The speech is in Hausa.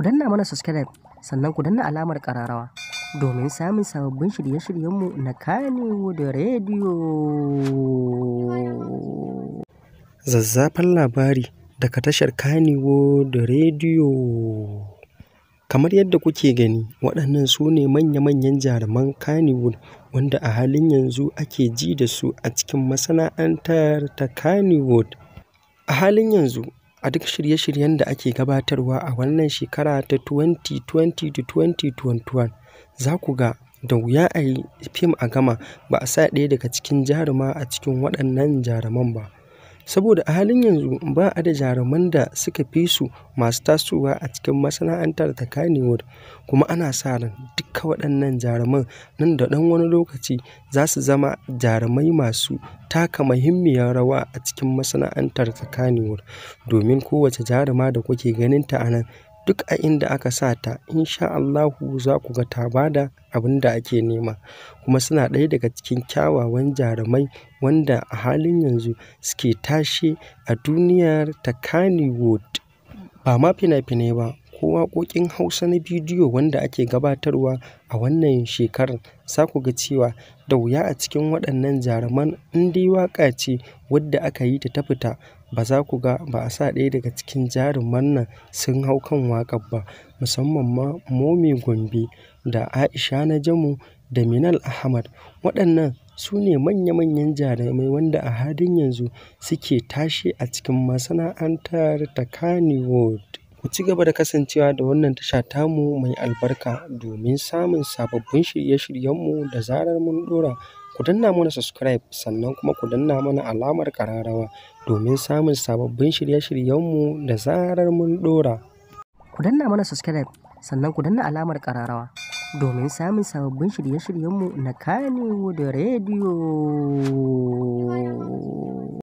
ku danna mana subscribe sannan ku danna alamar kararawa domin samun sababbin shirye-shiryenmu na kanewo da rediyo zazzafan labari daga tashar kanewo da rediyo kamar yadda kuke gani waɗannan su ne manya-manyan jaruman kanewood wanda a halin yanzu ake ji da su a cikin masana'antar ta kanewood a halin yanzu a duk shirye-shiryen da ake gabatarwa a wannan shekara ta 2020-2021 za ku ga da wuya a yi fim a gama ba a sa ɗaya daga cikin jaruma a cikin waɗannan jaruman ba Saboda a halin yanzu ba a da jaruman da suka fi su masu tasowa a cikin masana'antar ta kuma ana sa ran dukka waɗannan jaruman nan da ɗan wani lokaci za su zama jarumai masu taka muhimmiyar rawa a cikin masana'antar ta domin kowace jaruma da kuke ganinta a nan duk a inda aka sa ta insha Allahu za ku ga ta bada abin da ake nema kuma suna ɗaya daga cikin kyawawan jarumai wanda a halin yanzu suke tashe a duniyar ta Kaniwood. ba ma fina-finai ba ko waƙoƙin Hausa na bidiyo wanda ake gabatarwa a wannan shekarar, za ku ga cewa da wuya a cikin waɗannan jaruman in dai waƙa ce wadda aka yi ta ta fita, ba za ku ga ba a sa ɗaya daga cikin jaruman nan sun hau kan waƙar ba, musamman ma Momi Gombe da Aisha najamu da Minal Ahmad. Waɗannan su ne manya-manyan jarumai wanda a halin yanzu suke tashe a cikin masana'antar ta Kannywood. Ku ci gaba da kasancewa da wannan tasha tamu mai albarka domin samun sababbin shirye-shiryenmu da zarar mun ɗora. Ku danna mana subscribe sannan kuma ku danna mana alamar kararrawa domin samun sababbin shirye-shiryenmu da zarar mun ɗora. Ku danna mana subscribe sannan ku danna alamar kararrawa domin samun sababbin shirye-shiryenmu na da rediyo.